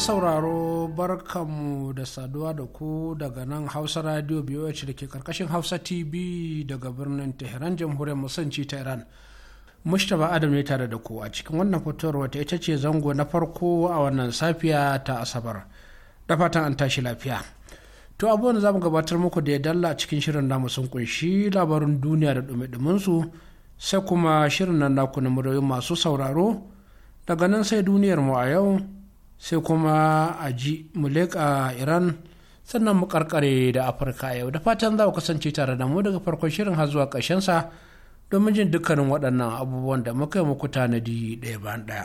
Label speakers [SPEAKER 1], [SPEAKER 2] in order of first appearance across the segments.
[SPEAKER 1] sauraro barkanmu da saduwa da ku daga nan hausa radio biyu da ke karkashin hausa tv daga birnin tehran jamhuriyar musanci ta iran Mustapha Adam ne tare da ku a cikin wannan fitowar wata ita ce zango na farko a wannan safiya ta Asabar. Da fatan an tashi lafiya. To abubuwan za mu gabatar muku da ya dalla a cikin shirin namu sun kunshi labarin duniya da dumi su sai kuma shirin nan naku na muryoyin masu sauraro daga nan sai duniyar mu a yau sai kuma a ji mu leƙa iran sannan mu karkare da afirka yau da fatan za ku kasance tare da mu daga farkon shirin har zuwa ƙarshensa domin jin dukkanin waɗannan abubuwan da muka yi muku tanadi ɗaya bayan ɗaya.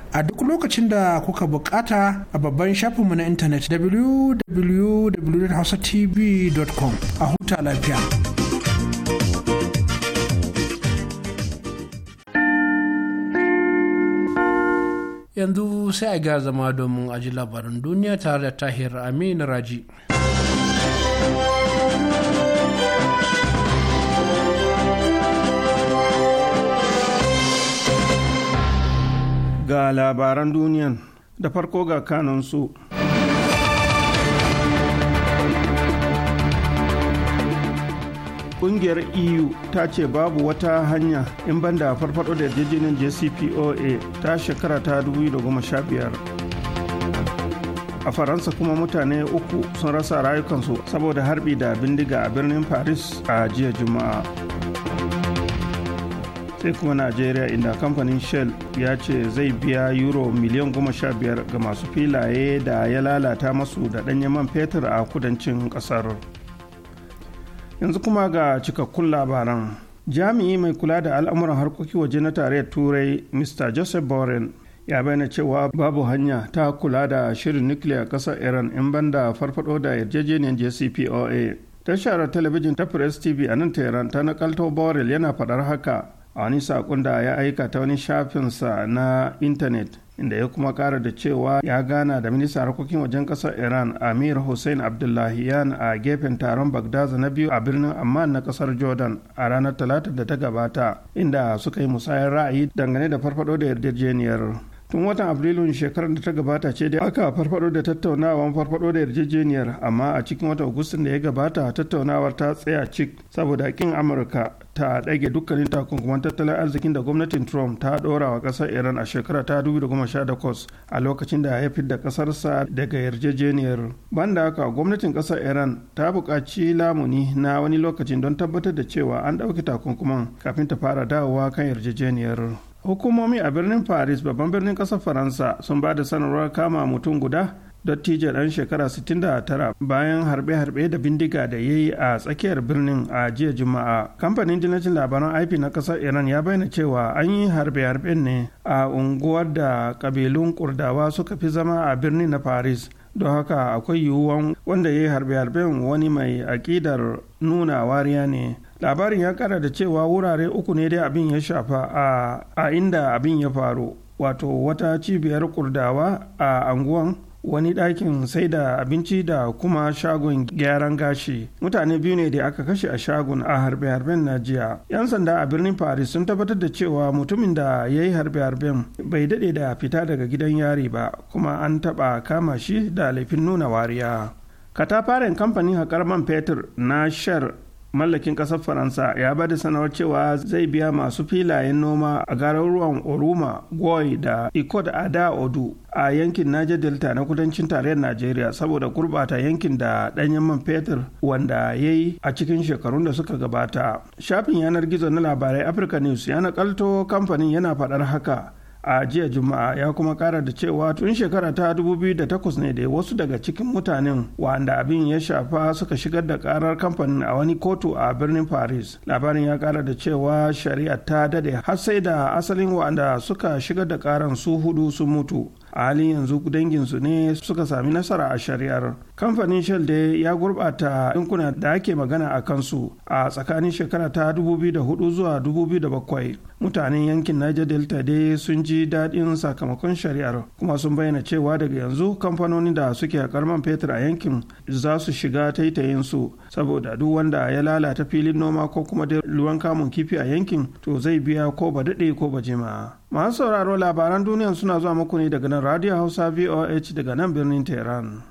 [SPEAKER 1] a duk lokacin da kuka bukata a babban shafinmu na intanet www.hausatv.com a huta lafiya. Yanzu sai a ga zama domin aji labarin duniya tare da Tahir Amin Raji.
[SPEAKER 2] ga labaran duniyan da farko ga kanansu. Ƙungiyar EU ta ce babu wata hanya in banda farfado da yarjejeniyar JCPOA ta shekara ta 2015. A Faransa kuma mutane uku sun rasa rayukansu saboda harbi da bindiga a birnin Paris a jiya Juma'a. sai kuma najeriya inda kamfanin shell ya ce zai biya euro miliyan goma sha biyar ga masu filaye da ya lalata masu da ɗanyen man fetur a kudancin ƙasar yanzu kuma ga cikakkun labaran jami'i mai kula da al'amuran harkoki waje na tarayyar turai mr joseph boren ya bayyana cewa babu hanya ta kula da shirin nukiliya ƙasar iran in banda farfado da yarjejeniyar jcpoa tashar talabijin ta press tv a nan tehran ta nakalto borel yana fadar haka a wani saƙon da ya aika ta wani shafinsa na intanet inda ya kuma ƙara da cewa ya gana da ministan harkokin wajen ƙasar iran amir hussein abdullahiyan a gefen taron bagdaza na biyu a birnin amman na ƙasar jordan a ranar talatar da ta gabata inda suka yi musayar ra'ayi dangane da farfado da yarjejeniyar tun watan afrilun shekarar da ta gabata ce dai aka farfado da tattaunawar farfado da yarjejeniyar amma a cikin watan agustan da ya gabata tattaunawar ta tsaya cik saboda kin amurka ta ɗage dukkanin takunkuman tattalin arzikin da gwamnatin trump ta ɗora wa ƙasar iran a shekara ta 2018 a lokacin da ya da ƙasarsa daga yarjejeniyar banda haka gwamnatin ƙasar iran ta buƙaci lamuni na wani lokacin don tabbatar da cewa an ɗauki takunkuman kafin ta fara dawowa kan yarjejeniyar hukumomi a birnin paris babban birnin ƙasar faransa sun ba da sanarwar kama mutum guda dattijo ɗan shekara 69 bayan harbe-harbe da bindiga da ya yi a tsakiyar birnin a jiya juma'a kamfanin jinajin labaran ip na kasar iran ya bayyana cewa an yi harbe-harben ne a unguwar da kabilun kurdawa suka fi zama a birnin na paris don haka akwai yiwuwan wanda ya yi harbe-harben wani mai aƙidar nuna wariya ne labarin ya kara da cewa wurare uku ne dai abin ya shafa a inda abin ya faru wato wata cibiyar kurdawa a anguwan wani ɗakin sai da abinci da kuma shagon gyaran gashi mutane biyu ne da aka kashe a shagon a harbe-harben na jiya yan sanda a birnin paris sun tabbatar da cewa mutumin da ya yi harbe-harben bai daɗe da fita daga gidan yari ba kuma an taɓa kama shi da laifin nuna wariya katafaren kamfanin haƙar man fetur na shar mallakin ƙasar faransa ya ba da sanarwar cewa zai biya masu filayen noma a garuruwan oruma goy da ikod ada odu a yankin niger delta na kudancin tarayyar najeriya saboda gurbata yankin da ɗanyen man fetur wanda ya yi a cikin shekarun da suka gabata shafin yanar gizo na labarai africa news ya nakalto kamfanin yana faɗar haka a jiya juma'a ya kuma kara da cewa tun shekara ta dubu biyu da takwas ne da wasu daga cikin mutanen wanda abin ya shafa suka shigar da karar kamfanin a wani kotu a birnin paris labarin ya kara da cewa shari'a ta dade har sai da asalin wanda suka shigar da karan su hudu sun mutu a halin yanzu danginsu ne suka sami nasara a shari'ar kamfanin shell da ya gurɓata yankuna da ake magana a kansu a tsakanin shekara ta 2004 zuwa 2007 mutanen yankin niger delta dai sun ji daɗin sakamakon shari'ar kuma sun bayyana cewa daga yanzu kamfanoni da suke a karman fetur a yankin za su shiga taitayinsu saboda duk wanda ya lalata filin noma ko kuma ruwan kamun kifi a yankin to zai biya ko ba daɗe ko ba jima'a masu sauraro labaran duniya suna zuwa muku ne daga nan radio hausa voh daga nan birnin tehran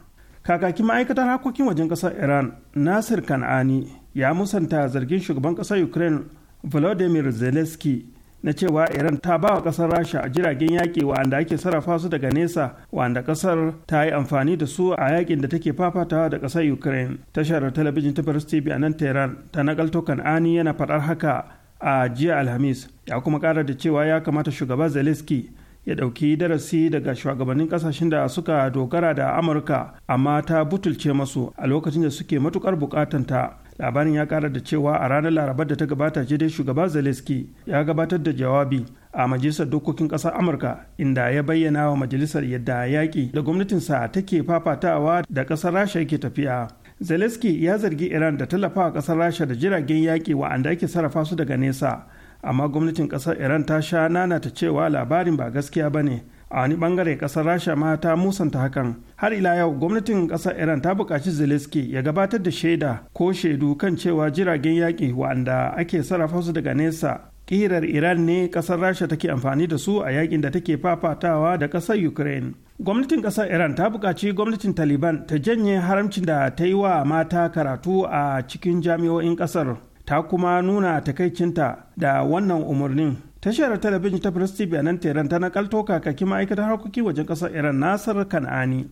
[SPEAKER 2] kakakin ma'aikatar harkokin wajen ƙasar iran nasir kan'ani ya musanta zargin shugaban ƙasar ukraine volodymyr zelensky na cewa iran ta ba wa ƙasar rasha jiragen yaƙi wa'anda ake sarrafa su daga nesa wa'anda ƙasar ta yi amfani da su a yaƙin da take fafatawa da ƙasar ukraine tashar talabijin ta paris tv a nan tehran ta nakalto kan'ani yana faɗar haka a jiya alhamis ya kuma kara da cewa ya kamata shugaba zelensky ya ɗauki darasi daga shugabannin ƙasashen da suka dogara da amurka amma ta butulce masu a lokacin da suke matukar bukatanta labarin ya kara da cewa a ranar larabar da ta gabata ce dai shugaba zelensky ya gabatar da jawabi a majalisar dokokin ƙasar amurka inda ya bayyana wa majalisar yadda yaƙi da gwamnatinsa take fafatawa da ƙasar rasha yake tafiya zelensky ya zargi iran da tallafa wa ƙasar rasha da jiragen yaƙi wa'anda ake sarrafa su daga nesa amma gwamnatin ƙasar iran ta sha nana ta cewa labarin ba gaskiya ba ne a wani bangare kasar rasha ma ta musanta hakan har ila yau gwamnatin kasar iran ta buƙaci zelensky ya gabatar da shaida ko shaidu kan cewa jiragen yaƙi wa'anda ake sarrafa su daga nesa ƙirar iran ne ƙasar rasha take amfani da su a yakin da take fafatawa da ƙasar ukraine gwamnatin ƙasar iran ta buƙaci gwamnatin taliban ta janye haramcin da ta yi wa mata karatu a cikin jami'o'in ƙasar ta kuma nuna takaicinta da wannan umarnin tashar talabijin ta press tv a nan tehran ta nakalto kakakin ma'aikatar harkokin wajen ƙasar iran nasar kan'ani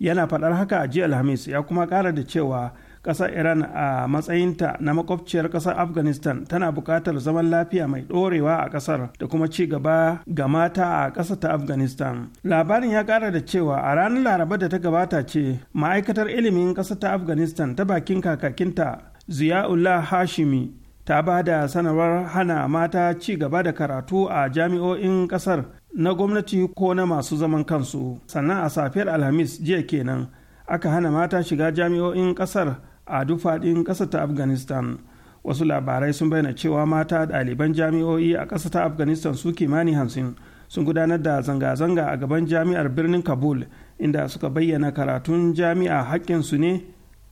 [SPEAKER 2] yana faɗar haka a jiya alhamis ya kuma ƙara da cewa ƙasar iran a matsayinta na makwabciyar ƙasar afghanistan tana buƙatar zaman lafiya mai ɗorewa a ƙasar da kuma ci gaba ga mata a ƙasar ta afghanistan labarin ya ƙara da cewa a ranar laraba da ta gabata ce ma'aikatar ilimin ƙasar ta afghanistan ta bakin kakakinta ziyaullah hashimi ta ba da sanarwar hana mata ci gaba da karatu a jami'o'in ƙasar na gwamnati ko na masu zaman kansu sannan a safiyar alhamis jiya kenan aka hana mata shiga jami'o'in ƙasar a dufaɗin faɗin ƙasar ta afghanistan wasu labarai sun bayyana cewa mata ɗaliban jami'o'i a ƙasar ta afghanistan su kimanin hamsin sun gudanar da zanga-zanga a gaban jami'ar birnin kabul inda suka bayyana karatun jami'a haƙƙinsu ne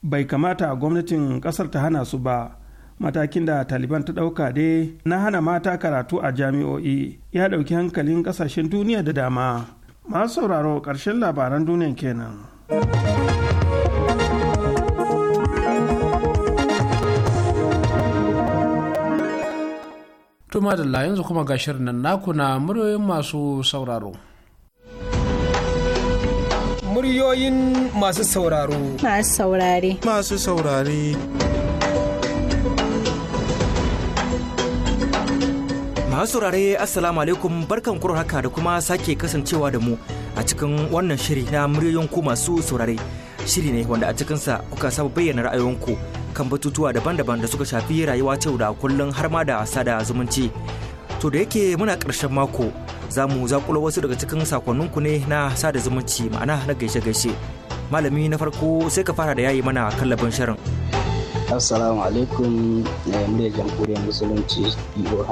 [SPEAKER 2] bai kamata gwamnatin ƙasar ta hana su ba matakin da taliban ta ɗauka dai na hana mata karatu a jami'o'i ya ɗauki hankalin ƙasashen duniya da dama masu sauraro ƙarshen labaran duniya kenan.
[SPEAKER 1] Tuma da yanzu kuma ga shirin nan naku na muryoyin masu sauraro.
[SPEAKER 3] Muryoyin
[SPEAKER 4] masu sauraro.
[SPEAKER 5] Masu saurare.
[SPEAKER 4] Masu saurare. Masu saurare Assalamu alaikum barkan kuro haka da kuma sake kasancewa da mu a cikin wannan shiri na muryoyin ku masu saurare. Shiri ne wanda a cikinsa kuka saba bayyana ra'ayoyinku kan batutuwa daban-daban da suka shafi rayuwa yau da kullum har ma da sada zumunci. To da yake muna ƙarshen mako za mu zakulo wasu daga cikin sakonninku ne na sada zumunci ma'ana na gaishe-gaishe. Malami na farko sai ka fara da yayi mana kallabin shirin. assalamu alaikum na muryar jamhuriyar musulunci boh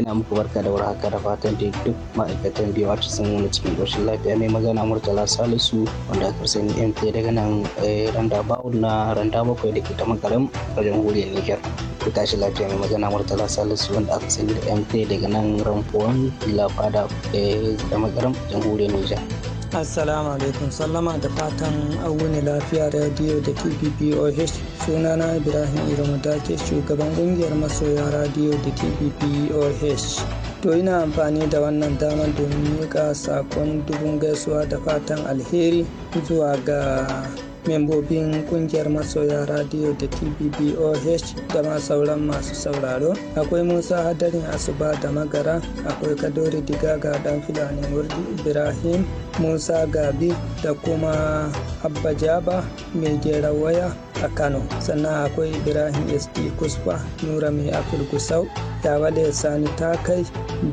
[SPEAKER 4] ina muku barka da warhaka da fatan da duk ma'aikatan biyu wacce sun wani cikin ƙoshin lafiya mai magana murtala salisu wanda aka sani mp daga nan eh, randa bawul na randa bakwai da ke ta makaram a jamhuriyar niger ku tashi lafiya mai magana murtala salisu wanda aka sani da mp daga nan ramfuwan lafada da eh, makaram jamhuriyar niger
[SPEAKER 6] assalamu alaikum sallama da fatan auni lafiya radio da tppoh sunana ibrahim iramu shugaban kungiyar masoya radio da tppoh to ina amfani da wannan damar domin miƙa sakon dubun gaisuwa da fatan alheri zuwa ga membobin kungiyar masoya radio da tbboh da ma sauran masu sauraro akwai musa hadarin asuba da magara akwai kadori digaga dan fulani murdi ibrahim musa gabi da kuma abba jaba mai gera waya a kano sannan akwai ibrahim sd kusfa nura mai afirgusau da Sani ta kai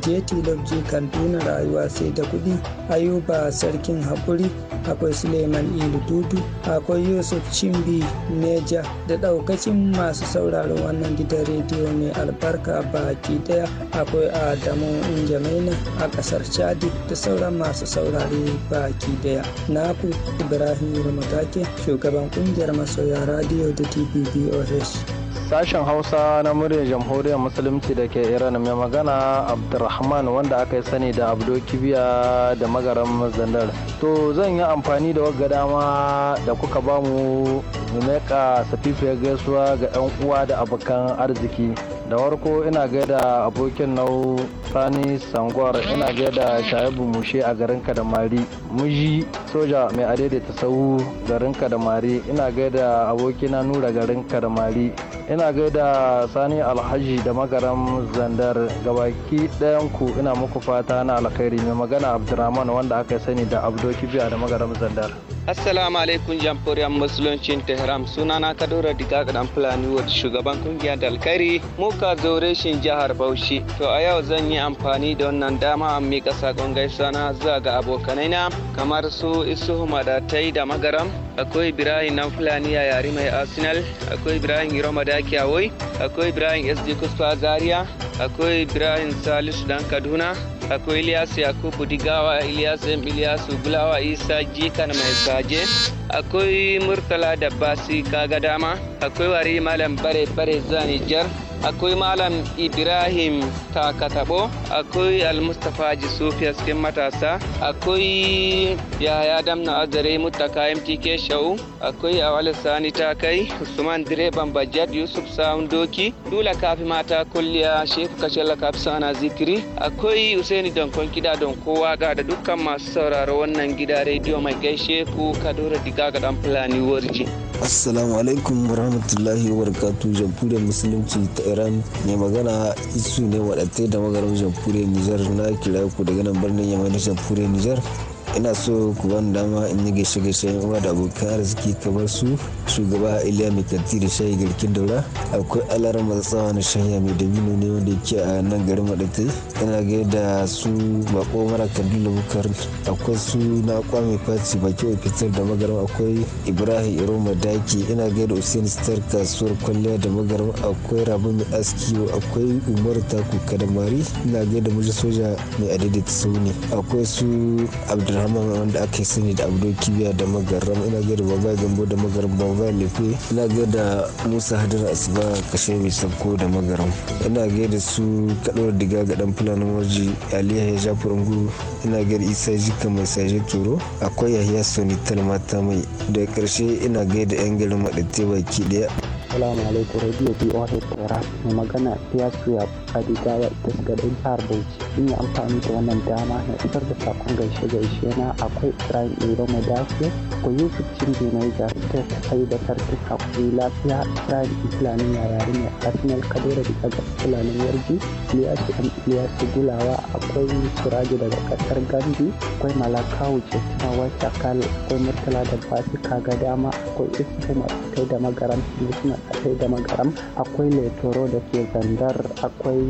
[SPEAKER 6] Jeti Lobji Kaduna rayuwa sai da kuɗi Ayuba Sarkin Hakuri akwai Suleiman Ilududu akwai Yusuf Cimbi Neja da ɗaukacin masu sauraron wannan gidan rediyo mai albarka baki daya akwai Adamu Injamaina a ƙasar Chadi da sauran masu saurare baki daya Naku Ibrahim Matake shugaban ƙungiyar masoya radiyo da TPPOH.
[SPEAKER 7] Sashen Hausa na murya Jamhuriyar Musulunci da ke Iran mai magana Abdulrahman wanda aka yi sani da Abdo Kibiya da magaran Zandar. To zan yi amfani da wagga dama da kuka bamu mu meka safifiyar gaisuwa ga 'yan uwa da abokan arziki. da warko ina gaida abokin nau sani sangwar ina gaida shaibu mushe a garin kadamari muji soja mai adaidaita sahu garin kadamari ina gaida abokina nura garin kadamari ina gaida sani alhaji da magaram zandar gabaki ku ina muku fata na alkhairi mai magana abdurrahman wanda aka sani da abdoki biya da magaram zandar
[SPEAKER 8] Assalamu alaikum jamhuriyar musuluncin Tehran sunana Kadura Diga Gadan Fulani wata shugaban kungiyar Dalkari muka zaure shi jihar Bauchi to a yau zan yi amfani da wannan dama a mika sakon gaisuwa na zuwa ga abokanai na kamar su Isuhu Madatai da Magaram akwai Ibrahim nan Fulani a yari mai Arsenal akwai Ibrahim Iroma Dakiyawai akwai Ibrahim SD Kusfa Zaria akwai Ibrahim Salisu dan Kaduna Kako Ilias Yakubu Digawa Ilias Ilias Gulawa Isa Jika na Maisaje akwai Murtala da kagadama Kaga Dama Wari Malam Bare Bare Zani Jar akwai malam ibrahim takatabo akwai almustapha jisufi askin matasa akwai yaya damna azare mutaka mtk shau akwai awal sani takai usman direban Bajet yusuf sa'un doki dula kafi mata kulliya shefu kashe lakafi sana zikiri akwai usaini donkon gida don kowa ga da dukkan masu sauraro wannan gida rediyo mai gaishe ku kadura diga ga dan fulani warji
[SPEAKER 7] assalamu alaikum warahmatullahi wabarakatuh jamhuriyar musulunci ta tehran mai magana isu ne wadatai da magarin jamhuriyar nijar na kira ku daga nan birnin yamma na jamhuriyar nijar ina so ku bani dama in yi gaishe gaishe yan uwa da abokan arziki kamar su shugaba iliya mai kanti da shayi garkin daura akwai alar matsawa na shanya mai dabino ne wanda yake a nan garin madatai ina da su bako mara kaduna bukar akwai su na kwame faci baki fitar da magaram akwai ibrahim iroma daki ina da usain star kasuwar kwalliya da magaram akwai rabu mai aski akwai umar taku kadamari ina da muji soja mai adadi adaidaita sauni akwai su abdulrahman abdulrahman wanda aka sani da abdul kibiya da magaram ina ga da baba gambo da magaram baba lefe ina ga da musa hadar asuba kashe mai sabko da magaram ina ga gaida su kaɗuwar diga ga ɗan fulanin waje ali ya shafi rungu ina da isa jika mai saje turo akwai yahya soni mata mai da karshe ina ga gaida yan garin maɗatte baki ɗaya
[SPEAKER 9] Assalamu alaikum
[SPEAKER 7] radio BOH Tera mai magana ya suya Adigawa ita suka ɗan jihar Bauchi. In yi amfani da wannan dama
[SPEAKER 9] na isar da sakon gaishe gaishe na akwai Ibrahim Iro Madafi, ko Yusuf Cinde na Niger ta kai da sarkin hakuri lafiya Ibrahim Islamin yayari mai Arsenal Kadira da ga Fulanin Yarji, Liyasu M. Liyasu Gulawa akwai Suraji daga ƙasar Gambi, akwai Malakawu Cetina Kal akwai Murtala da Fasika ga dama, akwai Ismail Kai da Magaran suna akwai da magaram akwai letoro da ke zandar akwai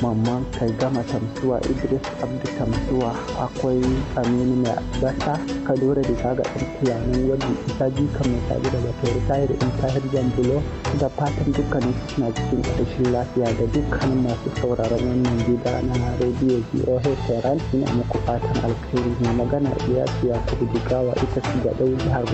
[SPEAKER 9] mamman kai gama tamsuwa idris abdu tamsuwa akwai aminu mai ka kadore da ta ga tsirkiya nan wani isa kan mai tabi daga tori tayar in tayar bulo da fatan dukkanin suna cikin ƙarshen lafiya da dukkanin masu sauraron wannan gida na rediyo voh tehran ina muku fatan alkhairi mai magana iya siya kudu gawa ita ce ga ɗau jihar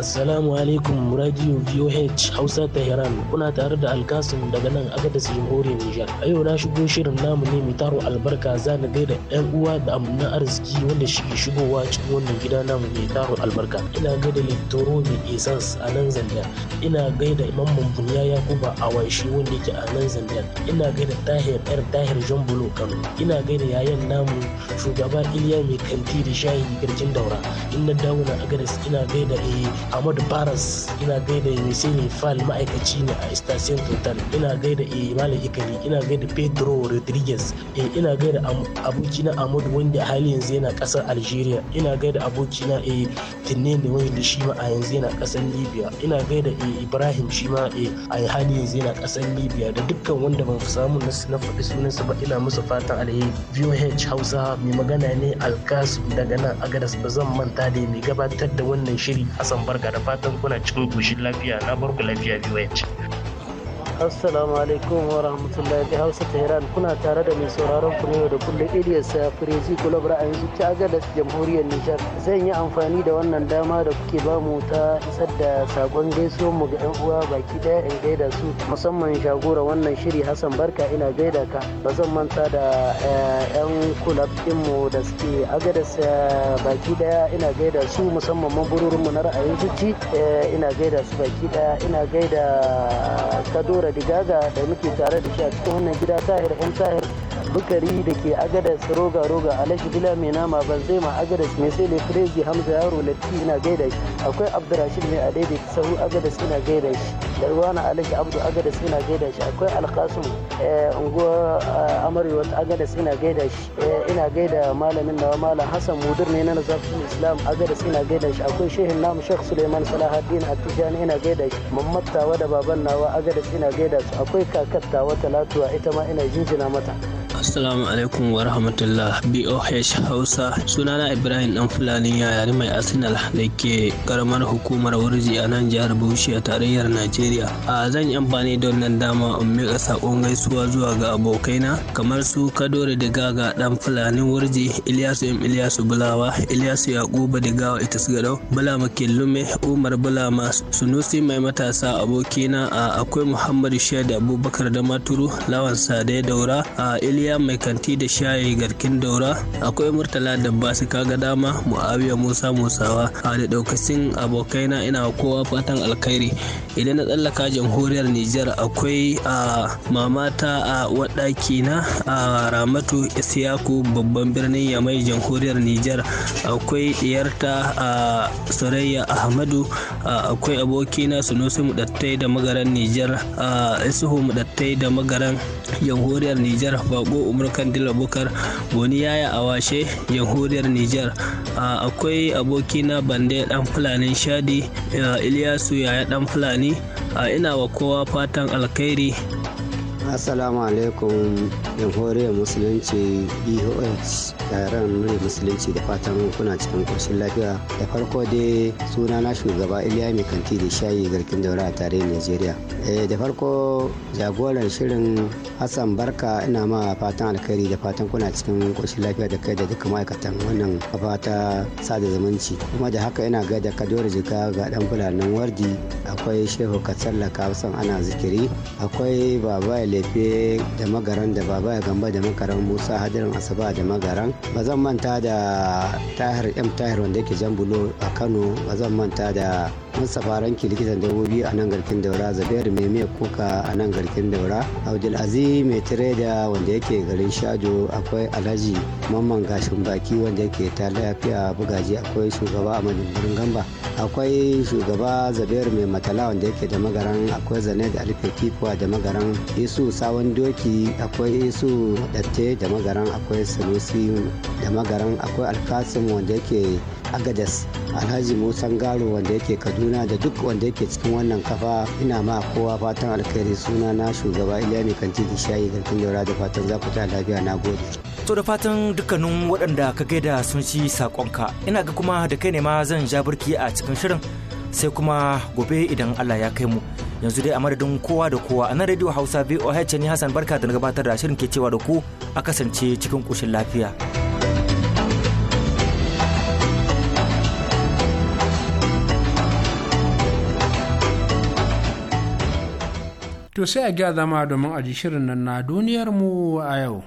[SPEAKER 4] assalamu alaikum radio voh hausa ta Tehran kuna tare da alkasin daga nan agadas Jamhuriyar Nijar. A yau na shigo shirin namu ne mai taro albarka za ni gaida yan uwa da amna arziki wanda shi shigowa cikin wannan gida namu mai taro albarka. Ina gaida Littoro mai Esans a nan Zambia. Ina gaida Imam ya Yakuba a Waishi wanda yake a nan Zambia. Ina gaida Tahir Yar Tahir Jambulo Kano. Ina gaida yayan namu shugaba Iliya mai kanti da shayi garkin daura. Ina dawo na Agadez ina gaida eh, Ahmadu Baras ina gaida Hussein Fal ma'aikata ci ne a total ina gaida e ina gaida pedro rodriguez eh, ina gaida abokina amadu wanda a hali yanzu yana kasar algeria ina gaida abokina e eh, tinne wanda shi ma a yanzu yana kasar libya ina gaida ibrahim shi ma a hali yanzu yana kasar libya da dukkan wanda ban samu na faɗi sunansa ba ina musu fatan alheri voh hausa mai magana ne alkasu daga nan a agadas ba zan manta da mai gabatar da wannan shiri hassan barka da fatan kuna cikin koshin lafiya na barku lafiya biyu doente.
[SPEAKER 9] assalamu alaikum wa rahmatullahi da hausa tehran kuna tare da mai sauraron ku ne da kullum ilyas firezi kulab ra'ayin zuciya ga da jamhuriyar nijar zan yi amfani da wannan dama da kuke bamu ta isar da sakon gaisuwar mu ga yan uwa baki daya in gaida su musamman shagora wannan shiri hassan barka ina gaida ka ba zan manta da yan eh, kulab din mu da suke agadas eh, baki daya ina gaida su musamman mabururin mu na ra'ayin zuci eh, ina gaida su baki daya ina gaida kaduna. radigaga da muke tare da shi a cikin wannan gida tahir yan tahir bukari da ke agadas roga roga alashi bila mai nama ban zai ma agadas mai sai ne crazy hamza yaro latti ina gaida shi akwai abdurashid mai adaidai sahu agadas ina gaida shi darwana alashi abdu agadas ina gaida shi akwai alkasum eh, unguwa eh, amarewa agadas ina gaida shi eh, ina gaida malamin nawa malam hassan mudur ne na nazarfin islam agadas ina gaida shi akwai shehin namu shekh suleiman salahaddin attijani ina gaida shi tawa da baban nawa agadas ina gaida su akwai kakattawa talatuwa ita ma ina jinjina mata
[SPEAKER 5] Assalamu alaikum wa rahmatullah BOH Hausa sunana Ibrahim dan Fulani yayari mai Arsenal da ke karamar hukumar Wurji a nan jihar Bauchi a tarayyar Najeriya. A zan yi amfani da wannan dama in mika saƙon gaisuwa zuwa ga abokaina kamar su Kadore Gaga dan Fulani Wurji, Ilyasu M Ilyasu Bulawa, Ilyasu Yakubu Digawa ita su gadau, Bula Makellume, Umar Bulama, Sunusi mai matasa abokina a akwai Muhammad da Abubakar da Maturu, Lawan Sade Daura, a Iliya mai kanti da shayi garkin daura akwai murtala da basu kaga dama muawiya musa musawa a da daukacin abokaina ina kowa fatan alkhairi idan na tsallaka jamhuriyar nijar akwai a mamata a wadaki a ramatu isiyaku babban birnin yamai jamhuriyar nijar akwai diyarta a surayya ahmadu akwai abokina sunusi mudattai da magaran nijar a isuhu mudattai da magaran jamhuriyar nijar bako umar kandila bukar goni yaya awashe jamhuriyar niger akwai abokina bande dan fulanin shadi iliyasu yaya dan fulani ina wa kowa fatan alkhairi
[SPEAKER 10] Assalamu alaikum jamhuriyar musulunci BOH taron nuna musulunci da fatan kuna cikin ƙoshin lafiya. Da farko dai suna na shugaba Iliya mai kanti da shayi garkin daura a tarihin Najeriya. Eh, da farko jagoran shirin Hassan Barka ina ma fatan alkhairi da fatan kuna cikin ƙoshin lafiya da kai da duka ma'aikatan wannan kafa ta sada zumunci. Kuma da haka ina gaida Kadori Jika ga ɗan fulanin wardi akwai Shehu Katsalla Kawusan ana zikiri akwai Baba lefe da magaran da baba ya gamba da makaran musa hadirin asaba da magaran ba zan manta da tahir m tahir wanda yake jan bulo a kano ba zan manta da mustapha ranki likitan dabbobi a nan garkin daura zabiyar mai miya kuka a nan garkin daura abdulaziz mai tireda wanda yake garin shajo akwai alhaji mamman gashin baki wanda yake ta lafiya bugaji akwai shugaba a madimbarin gamba akwai shugaba zabiyar mai matala wanda yake da magaran akwai zane da alfe da magaran isu. sabon doki akwai isu datte da magaran akwai sanusi da magaran akwai alkasim wanda yake agadas alhaji musan garo wanda yake kaduna da duk wanda yake cikin wannan kafa ina ma kowa fatan alkhairi suna na shugaba iliya mai kanti da shayi daura da fatan za ku ta lafiya na gode
[SPEAKER 4] to da fatan dukkanin waɗanda ka gaida sun ci saƙonka ina ga kuma da kai ne ma zan ja birki a cikin shirin sai kuma gobe idan allah ya kai mu yanzu dai a madadin kowa da kowa a nan radio hausa voh ne hassan barka da gabatar da shirin ke cewa da ku a kasance cikin ƙoshin lafiya
[SPEAKER 1] to sai a gya zama domin a ji shirin nan na duniyarmu a yau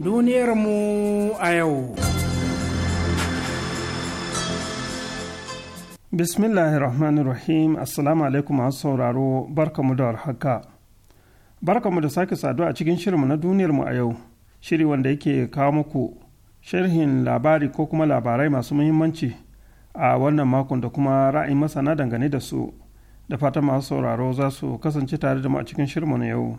[SPEAKER 1] duniyarmu a yau
[SPEAKER 2] Bismillahirrahmanirrahim Assalamu alaikum masu sauraro barkamu da warhaka. Barkamu da sake saduwa a cikin shirinmu na duniyarmu a yau, shiri wanda yake kawo muku sharhin labari ko kuma labarai masu muhimmanci a wannan makon da kuma ra'ayin masana dangane da su da fatan masu sauraro za su kasance tare da mu a cikin shirinmu na yau.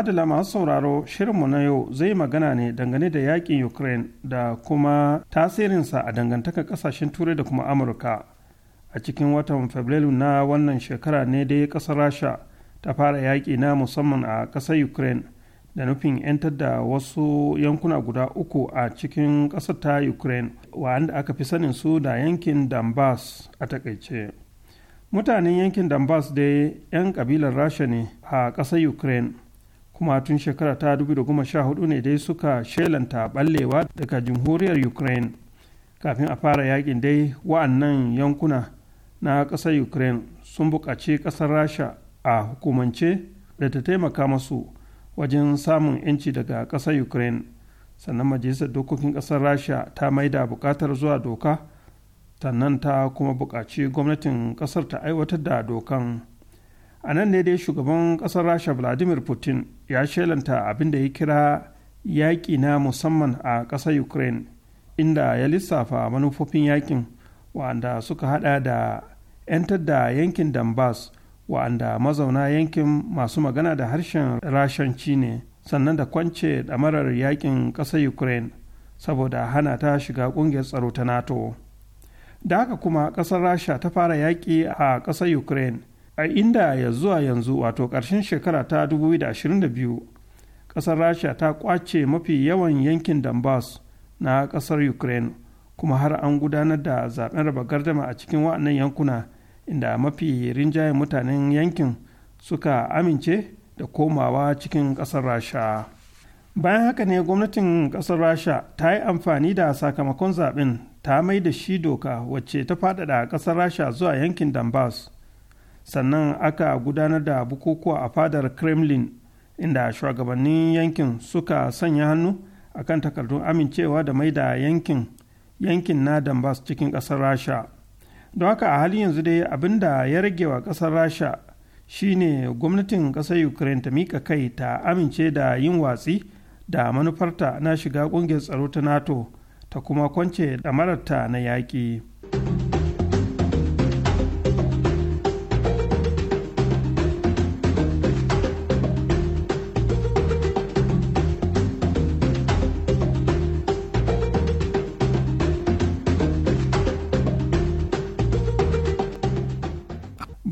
[SPEAKER 2] madala masu sauraro shirinmu na yau zai magana ne dangane da yakin ukraine da kuma tasirinsa a dangantaka kasashen turai da kuma amurka a cikin watan fabrilu na wannan shekara ne dai kasar rasha ta fara yaƙi na musamman a ƙasar ukraine da nufin 'yantar da wasu yankuna guda uku a cikin ƙasar ta ukraine wa'anda aka fi sanin su da yankin donbass a takaice mutanen yankin donbass dai 'yan ƙabilar rasha ne a ƙasar ukraine kuma tun shekara ta 2014 ne dai suka shelanta ballewa daga jamhuriyar ukraine kafin a fara yakin dai wa'annan yankuna na ƙasar ukraine sun buƙaci ƙasar rasha a hukumance da ta taimaka masu wajen samun 'yanci daga ƙasar ukraine sannan majalisar dokokin ƙasar rasha ta maida buƙatar zuwa doka sannan ta kuma buƙaci gwamnatin ƙasar ta aiwatar da dokan a nan ne dai shugaban kasar rasha vladimir putin ya shelanta abin da ya kira yaƙi na musamman a ƙasar ukraine inda ya lissafa manufofin yakin wa'anda suka hada da 'yantar da yankin donbass wa'anda mazauna yankin masu magana da harshen rashanci ne sannan da kwance ɗamarar yakin ƙasar ukraine saboda hana ta shiga ƙungiyar tsaro ta nato da haka kuma ƙasar rasha ta fara yaƙi a ƙasar ukraine a inda ya zuwa yanzu wato ƙarshen shekara ta 2022 ƙasar rasha ta ƙwace mafi yawan yankin donbass na ƙasar ukraine kuma har an gudanar da zaben raba gardama a cikin wa'annan yankuna inda mafi rinjayen mutanen yankin suka amince da komawa cikin ƙasar rasha bayan haka ne gwamnatin ƙasar rasha ta yi amfani da sakamakon zaɓen ta mai da shi doka wacce ta faɗaɗa ƙasar rasha zuwa yankin donbass sannan aka gudanar da bukukuwa a fadar kremlin inda shugabannin yankin suka sanya hannu akan takardun amincewa da maida yankin yankin na donbass cikin kasar rasha don haka a halin yanzu dai abin da ya rage wa kasar rasha shine gwamnatin kasar ukraine ta mika kai ta amince da yin watsi da manufarta na shiga ƙungiyar tsaro ta nato ta kuma kwance da mararta na yaƙi.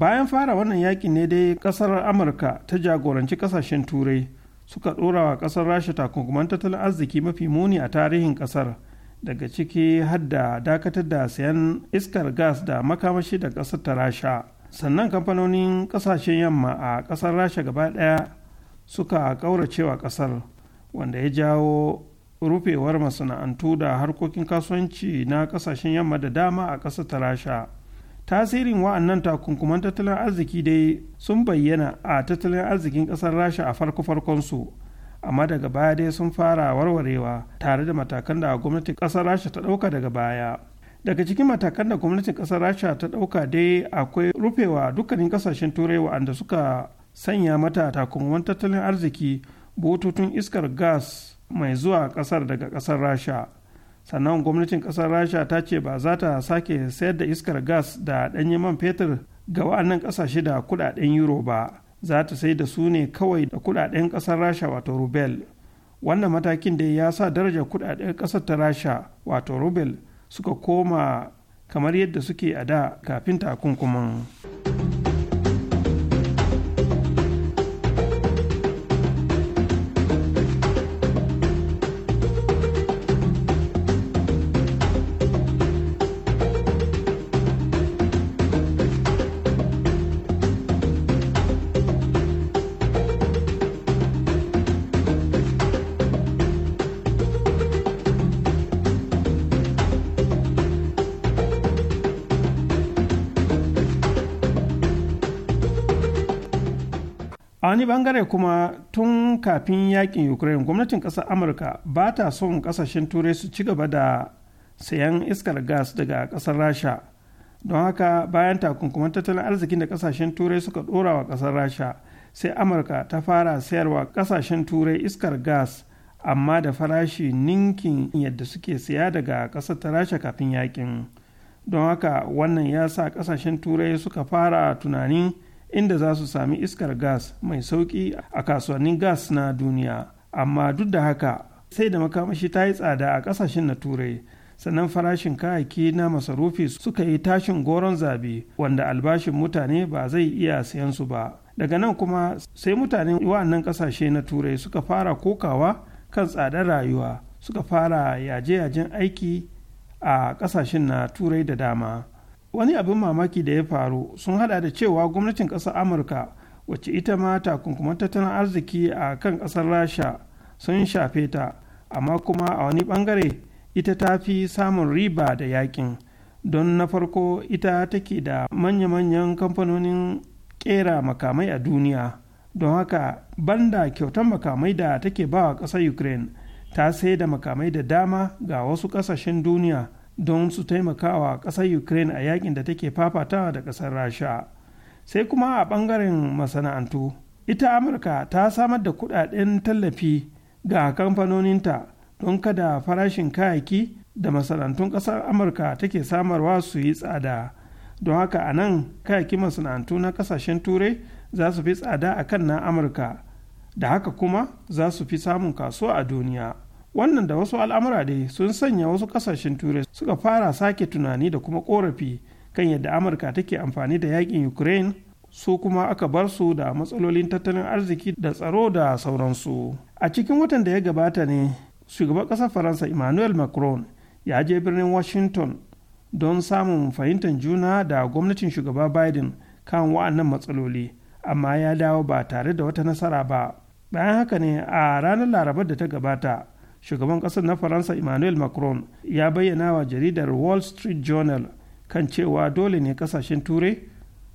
[SPEAKER 2] bayan fara wannan yakin ne dai kasar amurka ta jagoranci kasashen turai suka dora wa kasar rasha takunkuman tattalin arziki mafi muni a tarihin kasar daga ciki hadda dakatar da sayan iskar gas da makamashi da kasar ta rasha sannan kamfanonin kasashen yamma a kasar rasha gaba daya suka ƙauracewa kasar wanda ya jawo rufewar masana'antu da harkokin kasuwanci na kasashen yamma da dama a kasar ta rasha tasirin wa'annan takunkuman tattalin arziki dai sun bayyana a tattalin arzikin ƙasar rasha a farko farkon su amma daga baya dai sun fara warwarewa tare da matakan da gwamnatin ƙasar rasha ta ɗauka daga baya daga cikin matakan da gwamnatin ƙasar rasha ta ɗauka dai akwai rufewa dukkanin ƙasashen turai wa'anda suka sanya mata takunkuman tattalin arziki bututun iskar gas mai zuwa ƙasar daga ƙasar rasha sannan gwamnatin kasar rasha ta ce ba za ta sake sayar da iskar gas da ɗanyen man fetur ga wa'annan ƙasashe da kuɗaɗen euro ba za ta sai da su ne kawai da kuɗaɗen ƙasar rasha wato rubel wannan matakin da ya sa darajar kuɗaɗen ƙasar ta rasha wato rubel suka koma kamar yadda suke a da kafin takunkuman. a wani bangare kuma tun kafin yakin ukraine gwamnatin kasar amurka ba ta son kasashen turai su ci gaba da sayan iskar gas daga kasar rasha don haka bayan takunkuman tattalin arzikin da kasashen turai suka dora wa kasar rasha sai amurka ta fara sayarwa kasashen turai iskar gas amma da farashi ninkin yadda suke siya daga kasar ta rasha kafin yakin don haka wannan ya sa kasashen turai suka fara tunanin inda za su sami iskar gas mai sauƙi a kasuwannin gas na duniya amma duk da haka sai da makamashi ta yi tsada a ƙasashen na turai sannan farashin kayayyaki na masarufi suka yi tashin goron zabi wanda albashin mutane ba zai iya siyan su ba daga nan kuma sai mutane wa'annan ƙasashe na turai suka fara kokawa kan tsadar rayuwa suka fara yaje-yajen aiki a ƙasashen na turai da dama wani abin mamaki da ya faru sun hada da cewa gwamnatin ƙasar amurka wacce ita ma takunkuman tattalin arziki a kan ƙasar rasha sun shafe ta amma kuma a wani bangare ita ta fi samun riba da yakin don na farko ita take da manya-manyan kamfanonin kera makamai a duniya don haka banda kyautar makamai da take ba wa ƙasar ukraine ta sai da makamai da dama ga wasu ƙasashen duniya don su taimakawa ƙasar ukraine a yakin da take fafatawa da ƙasar rasha sai kuma a ɓangaren masana'antu ita amurka ta samar da kudaden tallafi ga kamfanoninta don kada farashin kayaki da masana'antun ƙasar amurka take samarwa su yi tsada don haka a nan kayaki masana'antu na ƙasashen turai za su fi tsada a kan na amurka da haka kuma za su fi samun kasuwa a duniya. wannan da wasu al'amura dai sun sanya wasu kasashen turai suka fara sake tunani da kuma korafi kan yadda amurka take amfani da yakin ukraine su kuma aka bar su da matsalolin tattalin arziki da tsaro da sauransu a cikin watan da ya gabata ne shugaban ƙasar faransa emmanuel macron ya je birnin washington don samun fahimtar juna da gwamnatin shugaba biden kan wa'annan matsaloli amma ya dawo ba tare da wata nasara ba bayan haka ne a ranar larabar da ta gabata shugaban ƙasar na faransa emmanuel macron ya bayyana wa jaridar wall street journal kan cewa dole ne ƙasashen turai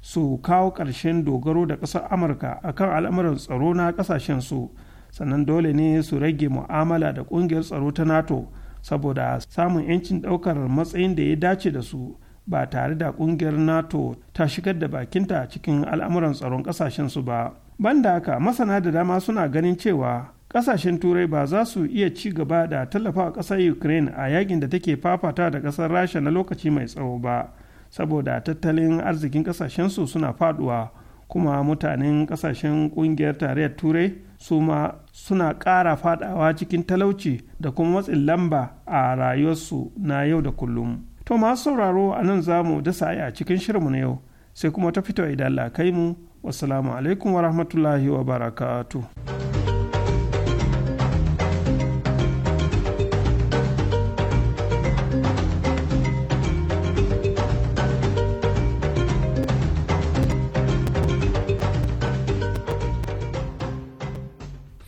[SPEAKER 2] su kawo ƙarshen dogaro da ƙasar amurka akan al'amuran tsaro na ƙasashen su sannan dole ne su rage mu'amala da ƙungiyar tsaro ta nato saboda samun 'yancin ɗaukar matsayin da ya dace da su ba tare da ƙungiyar nato ta shigar da bakinta cikin al'amuran tsaron ƙasashen su ba banda haka masana da dama suna ganin cewa kasashen turai ba za su iya ci gaba da tallafawa ƙasar ukraine a yakin da take fafata da ƙasar rasha na lokaci mai tsawo ba saboda tattalin arzikin su suna faduwa kuma mutanen ƙasashen ƙungiyar tarayyar turai su ma suna ƙara fadawa cikin talauci da kuma matsin lamba a rayuwarsu na yau da kullum to masu sauraro a nan za mu dasa a cikin shirinmu na yau sai kuma ta fito idan lakai mu wasalamu alaikum wa rahmatullahi wa barakatuh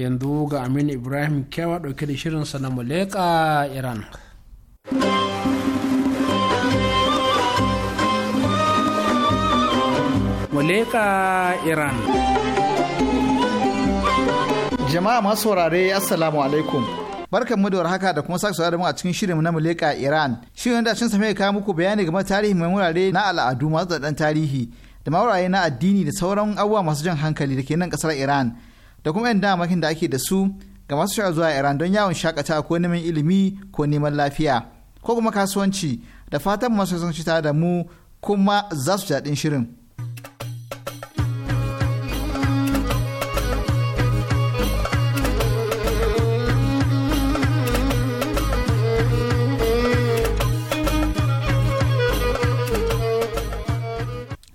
[SPEAKER 1] yanzu ga aminu ibrahim kyawa dauke da shirinsa na muleka iran
[SPEAKER 11] muleka iran jama'a masu wurare assalamu alaikum barkan mu da warhaka da kuma sake saurari mu a cikin shirin na muleka iran shirin da cin same kawo muku bayani game tarihi mai wurare na al'adu masu da tarihi da mawuraye na addini da sauran abubuwa masu jan hankali da ke nan kasar iran da kuma yan damakin da ake da su ga masu sha'awar zuwa Iran don yawon shakatawa ko neman ilimi ko neman lafiya ko kuma kasuwanci da fatan masu sun tare da mu kuma za su jaɗin shirin.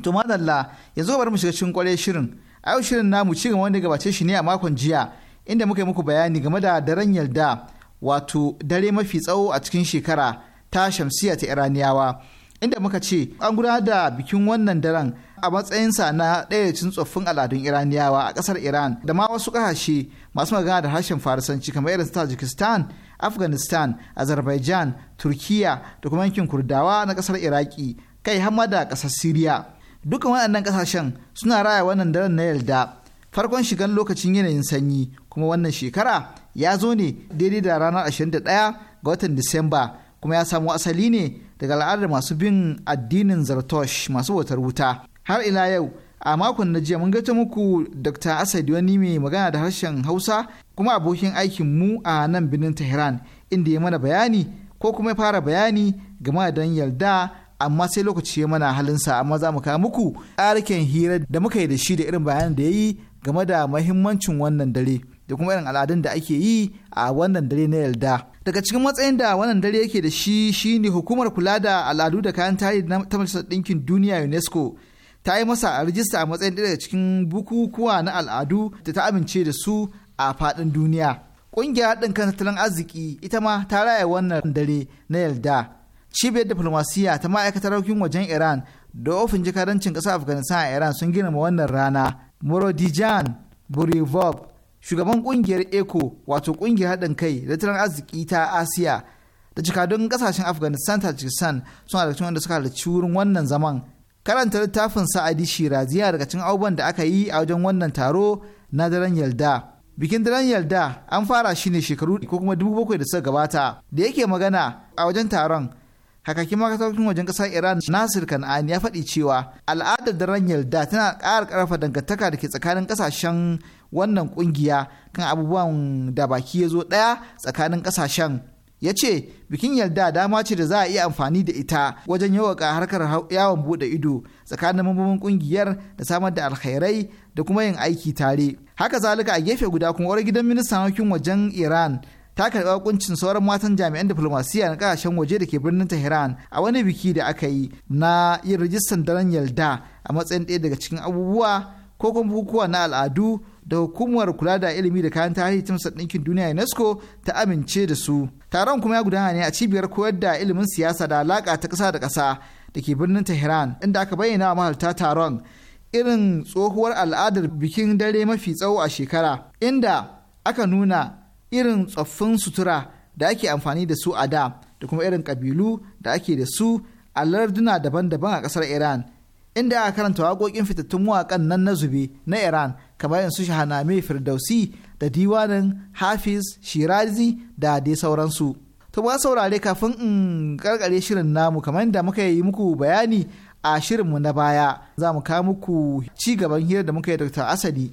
[SPEAKER 11] To madalla yanzu bari mu shiga cikin kwarai shirin a yau shirin namu ci gaba wanda gabace shi ne a makon jiya inda muka yi muku bayani game da daren yarda wato dare mafi tsawo a cikin shekara ta shamsiya ta iraniyawa inda muka ce an gudanar da bikin wannan daren a matsayinsa na ɗaya cikin tsoffin al'adun iraniyawa a ƙasar iran da ma wasu ƙasashe masu magana da harshen farisanci kamar irin tajikistan afghanistan azerbaijan turkiya da kuma yankin kurdawa na ƙasar iraki kai hamada da ƙasar siriya dukkan waɗannan ƙasashen suna raya wannan daren na yarda farkon shigan lokacin yanayin sanyi kuma wannan shekara ya zo ne daidai da ranar 21 ga watan Disamba kuma ya samo asali ne daga al'adar masu bin addinin Zartosh masu wutar wuta. Har ila yau a makon na jiya mun gaita muku Dr. asadi wani mai magana da harshen Hausa kuma abokin aikin mu a nan birnin Tehran inda ya mana bayani ko kuma ya fara bayani game da yarda amma sai lokaci ya mana halinsa amma za mu kawo muku ƙarken hira da muka yi da shi da irin bayanin da ya yi game da mahimmancin wannan dare da kuma irin al'adun da ake yi a wannan dare na yarda. Daga cikin matsayin da wannan dare yake da shi shine hukumar kula da al'adu da kayan tarihi na tamasar Ɗinkin Duniya UNESCO ta yi masa a rijista a matsayin daga cikin bukukuwa na al'adu da ta amince da su a faɗin duniya. Ƙungiyar haɗin kan tattalin arziki ita ma ta raya wannan dare na yarda. cibiyar diflomasiyya ta ma'aikatar harkokin wajen iran da ofin jikadancin ƙasar afghanistan a iran sun gina ma wannan rana morodijan burivov shugaban kungiyar eco wato kungiyar haɗin kai da tattalin arziki ta asiya da cikadun ƙasashen afghanistan tajikistan suna da cikin wanda suka halarci wurin wannan zaman karanta littafin sa'adi shiraziya daga cikin abubuwan da aka yi a wajen wannan taro na daren yalda bikin daren yalda an fara shi ne shekaru ko kuma dubu bakwai da suka gabata da yake magana a wajen taron kakakin makasaukin wajen ƙasar iran nasir kan'ani ya faɗi cewa al'adar daren yalda tana ƙara ƙarfa dangantaka da ke tsakanin ƙasashen wannan ƙungiya kan abubuwan da baki ya zo ɗaya tsakanin ƙasashen ya ce bikin yarda dama ce da za a iya amfani da ita wajen yawaka harkar yawon buɗe ido tsakanin mambobin ƙungiyar da samar da alkhairai da kuma yin aiki tare haka zalika a gefe guda kuma wani gidan ministan harkokin wajen iran ta karɓi hukuncin sauran matan jami'an diflomasiyya na kasashen waje da ke birnin Tehran a wani biki da aka yi na yin rajistan daren yalda a matsayin ɗaya daga cikin abubuwa ko kuma bukukuwa na al'adu da hukumar kula da ilimi da kayan tarihi ta masar Ɗinkin Duniya UNESCO ta amince da su. Taron kuma ya gudana ne a cibiyar koyar da ilimin siyasa da alaƙa ta ƙasa da ƙasa da ke birnin Tehran inda aka bayyana mahalta taron irin tsohuwar al'adar bikin dare mafi tsawo a shekara inda aka nuna irin tsoffin sutura da ake amfani da su a da da kuma irin ƙabilu da ake da su a larduna daban-daban a ƙasar iran inda aka karanta waƙoƙin fitattun mawaƙan nan na zube na iran kamar yin su shahaname firdausi da diwanin hafiz shirazi da dai sauransu to ba saurare kafin in karkare shirin namu kamar da muka yi muku bayani a shirinmu na baya za mu kawo muku ci gaban hira da muka yi dr asadi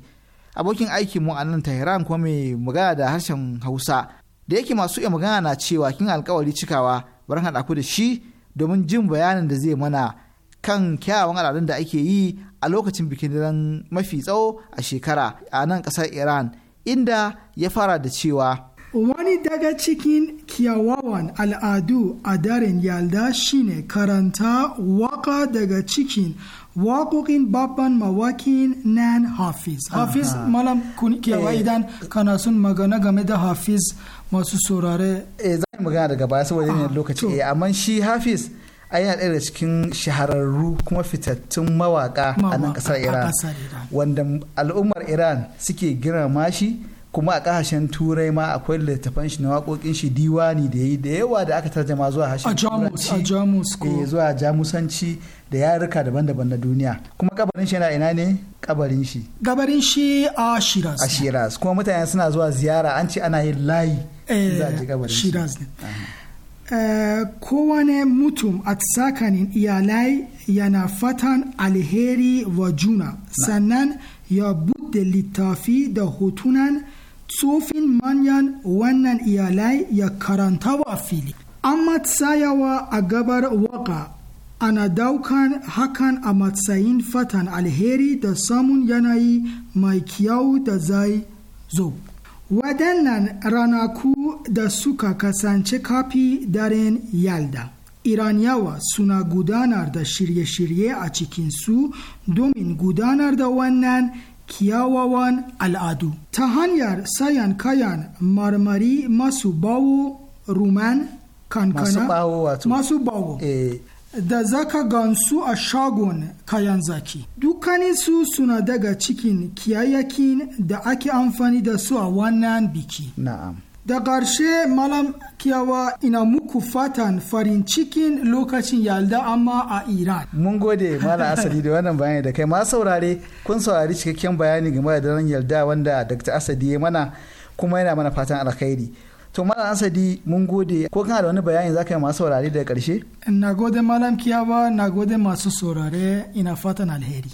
[SPEAKER 11] abokin aiki mu a nan Tehran kuma mai magana da harshen Hausa da yake masu iya magana na cewa kin alkawari cikawa bari haɗa ku da shi domin jin bayanin da zai mana kan kyawawan al'adun da ake yi a lokacin bikin daren mafi tsawo a shekara a nan ƙasar Iran inda ya fara da
[SPEAKER 12] cewa Wani daga cikin kyawawan al'adu a daren yalda shine karanta waka daga cikin waƙoƙin babban mawaƙin nan hafiz hafiz malam kun kewa idan kana sun magana game da hafiz masu saurare za mu magana daga baya saboda yanayin lokaci eh amma shi
[SPEAKER 11] hafiz a yana ɗaya da cikin shahararru kuma fitattun mawaƙa a nan ƙasar iran wanda al'ummar iran suke girma shi kuma a kasashen turai ma akwai littafan shi na waƙoƙin shi diwani da yi da yawa da aka tarjama zuwa hashin turanci eh, zuwa jamusanci da yarika daban-daban na duniya kuma kabarin shi yana ina ne kabarin shi kabarin shi a shiraz a shiraz kuma mutane suna zuwa ziyara an
[SPEAKER 12] ce ana yin layi eh, za shiraz ne eh, kowane mutum a tsakanin iyalai yana fatan alheri wa juna sannan ya budde littafi da hotunan tsofin manyan wannan iyalai ya karanta wa fili an tsayawa a gabar waka ana daukan hakan a matsayin fatan alheri da samun yanayi mai kyau da zai zo waɗannan ranaku da suka kasance kafi daren yalda iraniyawa suna gudanar da shirye-shirye a cikinsu domin gudanar da wannan kiyawawan al'adu ta hanyar sayan kayan marmari masu bawo ruman kankana masu bawo eh, da zaka gansu a shagon kayan zaki. Dukkaninsu suna daga cikin kiyayyakin da ake amfani da su a wannan biki. Na'am. Da karshe Malam Kiyawa ina muku fatan farin cikin lokacin yalda amma a Iran. Mun gode Malam Asadi
[SPEAKER 11] da wannan bayani da kai ma saurare kun saurari cikakken bayani game da daren yalda wanda Dr. Asadi ya mana kuma yana mana fatan alkhairi. To Malam Asadi mun gode ko kana da wani bayani za ka yi masu saurare daga ƙarshe?
[SPEAKER 12] Na gode Malam Kiyawa, na gode masu saurare ina fatan alheri.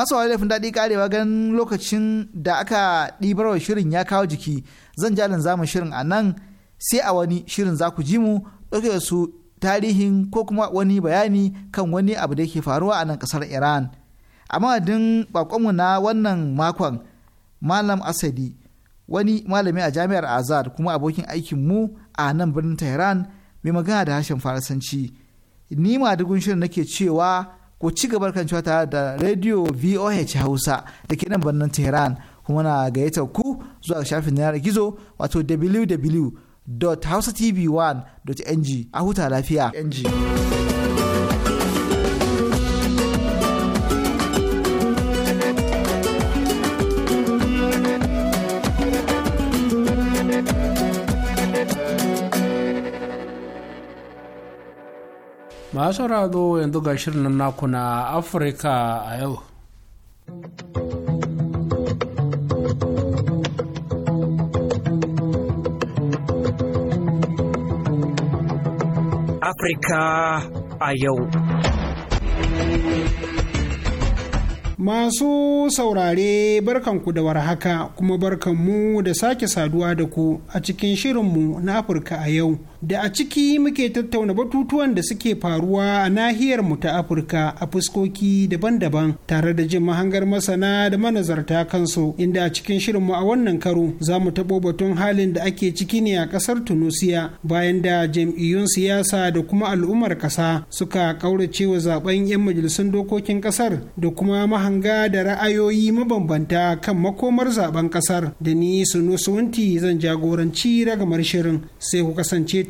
[SPEAKER 11] masu wa laifin daɗi karewa ganin lokacin da aka ɗibarwa shirin ya kawo jiki zan jalin zamu shirin a nan sai a wani shirin za ku ji mu ɗauke su tarihin ko kuma wani bayani kan wani abu da yake faruwa a nan ƙasar iran a madadin mu na wannan makon malam asadi wani malami a jami'ar azad kuma abokin aikin mu a nan birnin tehran mai magana da harshen faransanci ni ma dugun shirin nake cewa ku ci gabar kan cewa tare da radio voh hausa da ke nan birnin tehran kuma na gayyatar ku zuwa shafin yanar gizo wato www.hausatv1.ng a huta lafiya.
[SPEAKER 1] masu rado yanzu ga shirin nan naku na afirka a yau afirka a
[SPEAKER 3] yau Masu saurare barkanku da warhaka kuma barkanmu da sake saduwa da ku a cikin shirinmu na Afirka a yau. da a ciki muke tattauna batutuwan da suke faruwa a nahiyar mu ta Afirka a fuskoki daban-daban tare da jin mahangar masana da manazarta kansu inda a cikin shirin mu a wannan karo za mu taɓo batun halin da ake ciki ne a ƙasar Tunusiya bayan da jam'iyyun siyasa da kuma al'ummar ƙasa suka ƙaurace wa zaben 'yan majalisun dokokin ƙasar da kuma mahanga da ra'ayoyi mabambanta kan makomar zaben ƙasar da ni Sunusuwanti zan jagoranci ragamar shirin sai ku kasance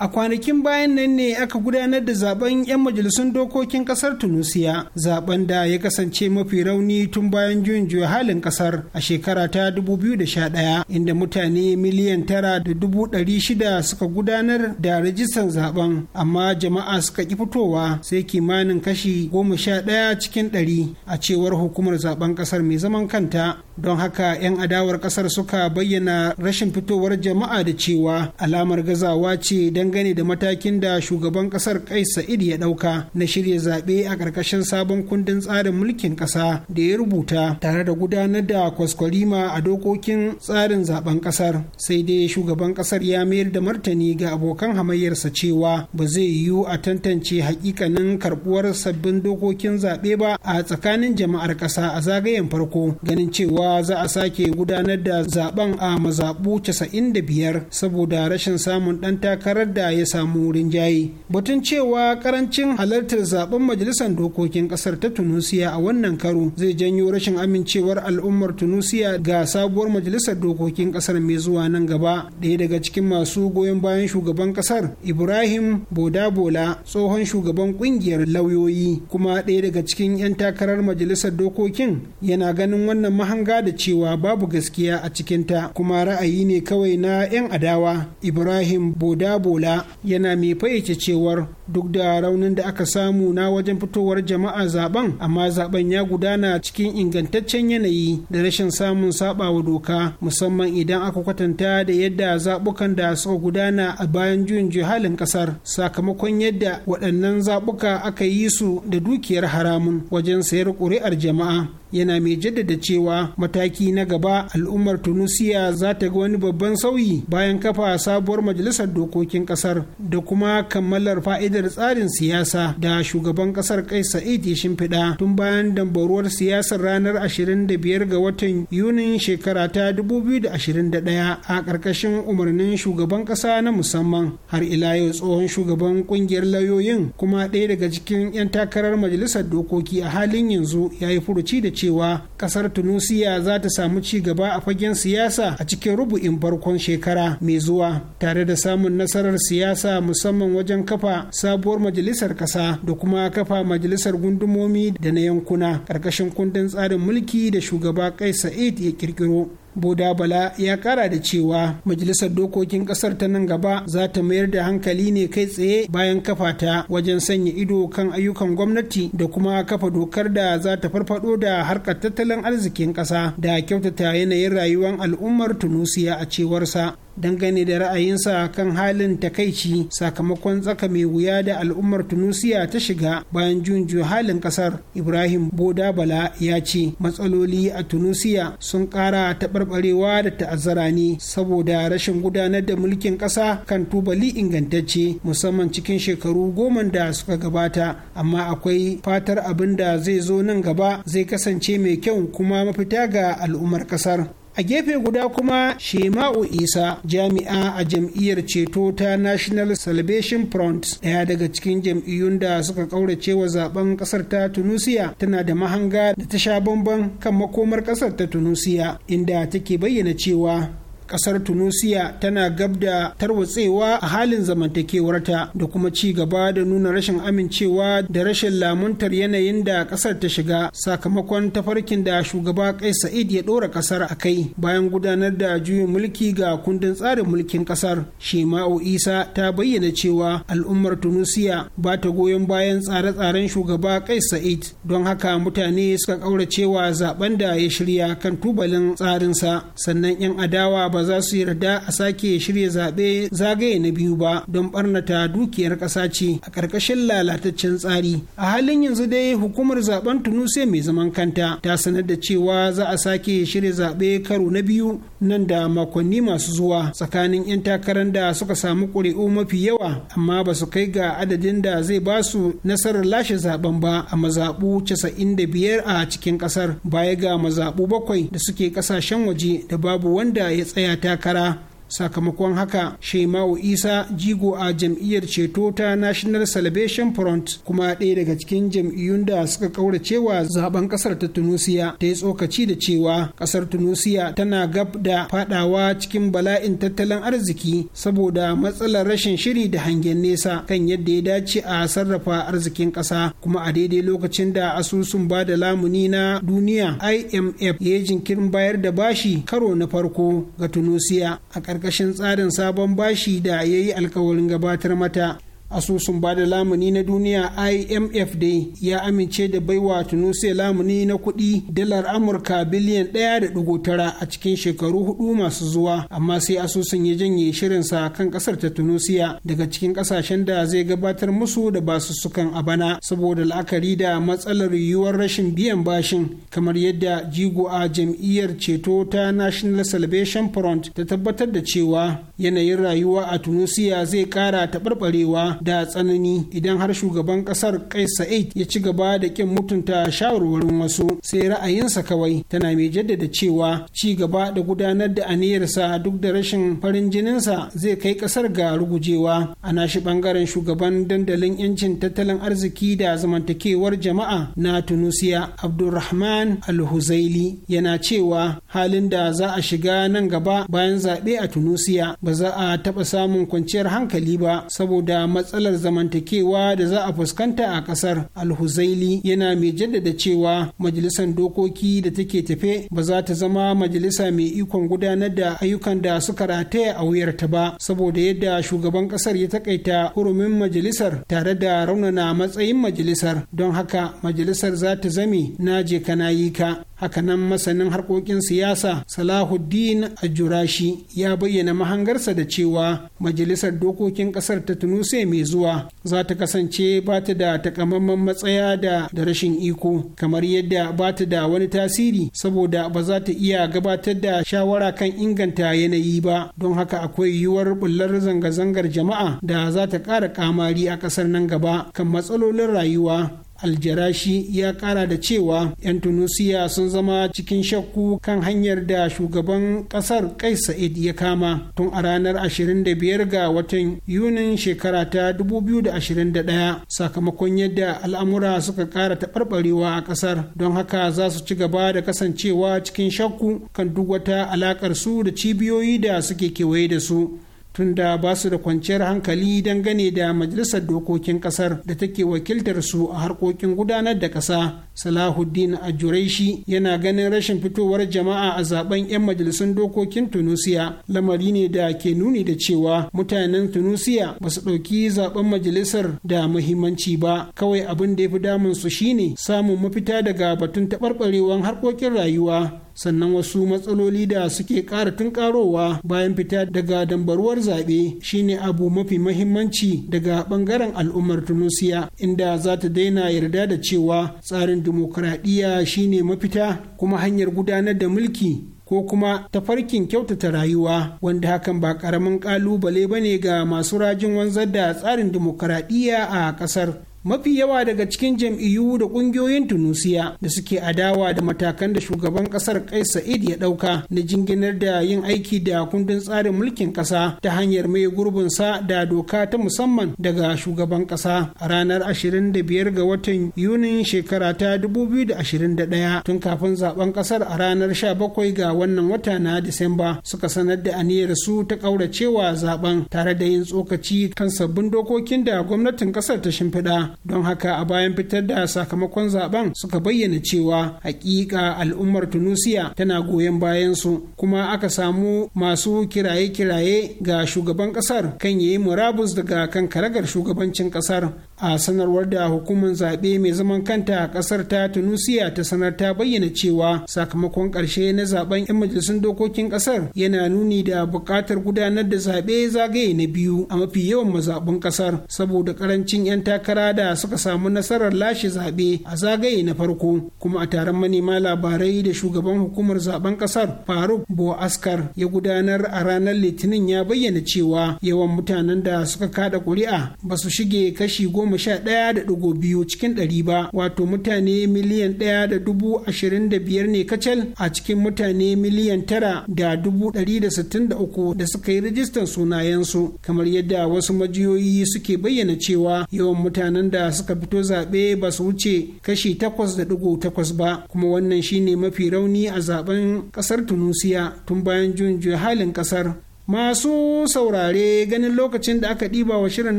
[SPEAKER 3] A kwanakin bayan nan ne aka gudanar da zaben 'yan majalisun dokokin kasar Tunusiya, zaben da ya kasance mafi rauni tun bayan juyin juya halin kasar a shekara ta 2011 inda mutane miliyan tara da dubu ɗari shida suka gudanar da rajistan zaben amma jama'a suka ki fitowa sai kimanin kashi goma sha ɗaya cikin ɗari a cewar hukumar zaben kasar mai zaman kanta don haka 'yan adawar kasar suka bayyana rashin fitowar jama'a da cewa alamar gazawa ce dangane da matakin da shugaban kasar kai sa'id ya dauka na shirya zaɓe a ƙarƙashin sabon kundin tsarin mulkin ƙasa da ya rubuta tare da gudanar da kwaskwarima a dokokin tsarin zaben ƙasar sai dai shugaban ƙasar ya mayar da martani ga abokan hamayyarsa cewa ba zai yiwu a tantance hakikanin karɓuwar sabbin dokokin zaɓe ba a tsakanin jama'ar ƙasa a zagayen farko ganin cewa cewa za a sake gudanar da zaben a mazaɓu 95 saboda rashin samun ɗan takarar da ya samu rinjaye batun cewa karancin halartar zaben majalisar dokokin ƙasar ta tunusiya a wannan karo zai janyo rashin amincewar al'ummar tunusiya ga sabuwar majalisar dokokin ƙasar mai zuwa nan gaba ɗaya daga cikin masu goyon bayan shugaban ƙasar ibrahim bodabola tsohon shugaban ƙungiyar lauyoyi kuma ɗaya daga cikin 'yan takarar majalisar dokokin yana ganin wannan mahanga da cewa babu gaskiya a cikinta kuma ra'ayi ne kawai na 'yan adawa ibrahim boda bola yana mai fayyace cewar duk da raunin da aka samu na wajen fitowar jama'a zaben amma zaben ya gudana cikin ingantaccen yanayi da rashin samun sabawa doka musamman idan aka kwatanta da yadda zabukan da suka gudana a bayan juyin halin kasar sakamakon yadda waɗannan zabuka aka yi su da dukiyar haramun wajen sayar ƙuri'ar jama'a yana mai jaddada cewa mataki na gaba al'ummar tunisia za ta ga wani babban sauyi bayan kafa sabuwar majalisar dokokin kasar da kuma kammalar fa'idar tsarin siyasa da shugaban kasar kai sa'id ya shimfiɗa tun bayan dambaruwar siyasar ranar 25 ga watan yunin shekara ta 2021 a ƙarƙashin umarnin shugaban ƙasa na musamman har ila yau tsohon shugaban ƙungiyar lauyoyin kuma ɗaya daga cikin 'yan takarar majalisar dokoki a halin yanzu ya yi furuci da cewa kasar tunisia za ta samu ci gaba a fagen siyasa a cikin rubu'in farkon shekara mai zuwa tare da samun nasarar siyasa musamman wajen kafa sabuwar majalisar kasa da kuma kafa majalisar gundumomi da na yankuna ƙarƙashin kundin tsarin mulki da shugaba kai sa'id ya kirkiro Boda Bala ya kara da cewa majalisar dokokin kasar ta nan gaba za ta mayar da hankali ne kai tsaye bayan kafa ta wajen sanya ido kan ayyukan gwamnati da kuma kafa dokar da za ta farfado da harkar tattalin arzikin kasa da kyautata yanayin rayuwar al'ummar Tunusiya a cewarsa. dangane da ra'ayinsa kan halin takaici sakamakon tsaka mai wuya da al'ummar tunisia ta shiga bayan junju halin kasar ibrahim boda bala ya ce matsaloli a tunisia sun kara taɓarɓarewa da ta'azzara ne saboda rashin gudanar da mulkin ƙasa kan tubali ingantacce musamman cikin shekaru goma da suka gabata amma akwai fatar abin da zai zo nan gaba zai kasance mai kyau kuma mafita ga al'ummar ƙasar a gefe guda kuma shema'u isa jami'a a jam'iyyar ceto ta national salvation front ɗaya daga cikin jam'iyyun da suka kaurace wa zaben kasar ta tunisia tana da mahanga da ta sha bamban kan makomar ƙasar ta tunisia inda take bayyana cewa kasar tunisia tana gab da tarwatsewa a halin zamantakewarta da kuma ci gaba da nuna rashin amincewa da rashin lamuntar yanayin da kasar ta shiga sakamakon tafarkin da shugaba kai sa'id ya ɗora kasar a kai bayan gudanar da juyin mulki ga kundin tsarin mulkin kasar shema'u isa ta bayyana cewa al'ummar tunisia ba ta goyon bayan tsare-tsaren shugaba kai sa'id don haka mutane suka ƙauracewa zaben da ya shirya kan tubalin tsarinsa sannan 'yan adawa ba ba za su yarda a sake shirya zaɓe zagaye na biyu ba don ɓarnata dukiyar ƙasa ce a ƙarƙashin lalataccen tsari a halin yanzu dai hukumar zaben tunusia mai zaman kanta ta sanar da cewa za a sake shirya zaɓe karo na biyu nan da makonni masu zuwa tsakanin 'yan takarar da suka samu ƙuri'u mafi yawa amma ba su kai ga adadin da zai ba su nasarar lashe zaben ba a mazaɓu casa'in da biyar a cikin ƙasar baya ga mazaɓu bakwai da suke ƙasashen waje da babu wanda ya tsaya ya takara sakamakon haka shaimau isa jigo a jam'iyyar ceto ta national salvation front kuma ɗaya daga cikin jam'iyyun da suka kauracewa zaben kasar ta tunisia ta yi tsokaci da cewa kasar tunisia tana gab da fadawa cikin bala'in tattalin arziki saboda matsalar rashin shiri da hangen nesa kan yadda ya dace a sarrafa arzikin ƙasa kuma a daidai lokacin da asusun ba da lamuni na duniya imf ya jinkirin bayar da bashi karo na farko ga tunisia a ƙarƙashin tsarin sabon bashi da ya yi alkawarin gabatar mata asusun ba da lamuni na duniya imf dai ya amince da baiwa tunisia lamuni na kuɗi dalar amurka biliyan da tara a cikin shekaru hudu masu zuwa amma sai asusun ya janye shirinsa kan kasar ta tunisia daga cikin kasashen da zai gabatar musu da basu sukan a bana saboda la'akari da matsalar yiwuwar rashin biyan bashin kamar yadda jigo a jam'iyyar ceto ta national salvation front ta tabbatar da cewa yanayin rayuwa a tunisia zai kara taɓarɓarewa da tsanani idan har shugaban kasar Kais Sa'id ya ci gaba da kin mutunta shawarwarin wasu sai ra'ayinsa kawai tana mai jaddada cewa ci gaba da gudanar da aniyarsa duk da rashin farin jininsa zai kai kasar ga rugujewa a nashi bangaren shugaban dandalin yancin tattalin arziki da zamantakewar jama'a na Tunusiya Abdulrahman Alhuzaili yana cewa halin da za a shiga nan gaba bayan zaɓe a Tunusiya ba za a taɓa samun kwanciyar hankali ba saboda matsayin matsalar zamantakewa da za a fuskanta a kasar alhuzaili yana mai jaddada cewa majalisar dokoki da take tafe ba za ta zama majalisa mai ikon gudanar da ayyukan da suka rataya a wuyarta ba saboda yadda shugaban kasar ya takaita hurumin majalisar tare da raunana matsayin majalisar don haka majalisar za ta zame na je kana yi ka hakanan masanin harkokin siyasa salahuddin ajurashi ya bayyana mahangarsa da cewa majalisar dokokin kasar ta tunuse mai mai zuwa za ta kasance ba ta da takamaiman matsaya da da rashin iko kamar yadda ba ta da wani tasiri saboda ba za ta iya gabatar da shawara kan inganta yanayi ba don haka akwai yiwuwar bullar zanga-zangar jama'a da za ta ƙara kamari a ƙasar nan gaba kan matsalolin rayuwa aljarashi ya kara da cewa 'yan tunisiya sun zama cikin shakku kan hanyar da shugaban kasar kai sa'id ya kama tun a ranar 25 ga watan yunin shekara ta 2021 sakamakon yadda al'amura suka kara taɓarɓarewa a kasar don haka za su ci gaba da kasancewa cikin shakku kan duk wata alakar su da cibiyoyi da suke kewaye da su tunda ba su da kwanciyar hankali dangane da majalisar dokokin kasar da take wakiltar su a harkokin gudanar da kasa salahuddin ajureshi yana ganin rashin fitowar jama'a a zaben 'yan majalisun dokokin tunusiya lamari ne da ke nuni da cewa mutanen tunusiya ba su ɗauki zaben majalisar da muhimmanci ba kawai abin da ya fi damun su shine samun mafita daga batun taɓarɓarewar harkokin rayuwa sannan wasu matsaloli da suke ƙara tunkarowa bayan fita daga dambaruwar zaɓe shine abu mafi mahimmanci daga ɓangaren al'ummar tunisiya inda za ta daina yarda da cewa tsarin dimokuraɗiyya shine mafita kuma hanyar gudanar da mulki ko kuma tafarkin kyautata rayuwa wanda hakan ba ƙaramin ƙalubale ba ne ga masu rajin wanzar da tsarin dimokuraɗiyya a ƙasar mafi yawa daga cikin jam'iyyu da kungiyoyin tunusiya da suke adawa da matakan da shugaban kasar kai sa'id ya dauka na jinginar da yin aiki da kundin tsarin mulkin kasa ta hanyar mai gurbinsa da doka ta musamman daga shugaban kasa a ranar 25 ga watan yunin shekara ta 2021 tun kafin zaben kasar a ranar 17 ga wannan wata na disamba suka sanar da aniyar su ta kauracewa zaben tare da yin tsokaci kan sabbin dokokin da gwamnatin kasar ta shimfiɗa don haka a bayan fitar da sakamakon zaben suka bayyana cewa hakika al'ummar tunusiya tana goyon bayan su kuma aka samu masu kiraye-kiraye ga shugaban kasar kan yayi murabus daga kan karagar shugabancin kasar a sanarwar da hukumar zaɓe mai zaman kanta a kasar ta tunusiya ta sanar ta bayyana cewa sakamakon ƙarshe na zaben 'yan majalisun dokokin ƙasar yana nuni da buƙatar gudanar da zaɓe zagaye na biyu a mafi yawan mazaɓin ƙasar saboda ƙarancin 'yan takara da suka samu nasarar lashe zaɓe a zagaye na farko kuma a taron manema labarai da shugaban hukumar zaben kasar faruk bo askar ya gudanar a ranar litinin ya bayyana cewa yawan mutanen da suka kada kuri'a ba su shige kashi goma sha ɗaya da ɗigo biyu cikin ɗari ba wato mutane miliyan ɗaya da dubu ashirin da biyar ne kacal a cikin mutane miliyan tara da dubu ɗari da sittin da uku da suka yi rijistan sunayensu kamar yadda wasu majiyoyi suke bayyana cewa yawan mutanen waɗanda suka fito zaɓe ba su wuce kashi takwas da takwas ba kuma wannan shine mafi rauni a zaben ƙasar tunusiya tun bayan jun halin ƙasar masu saurare ganin lokacin da aka ɗiba wa shirin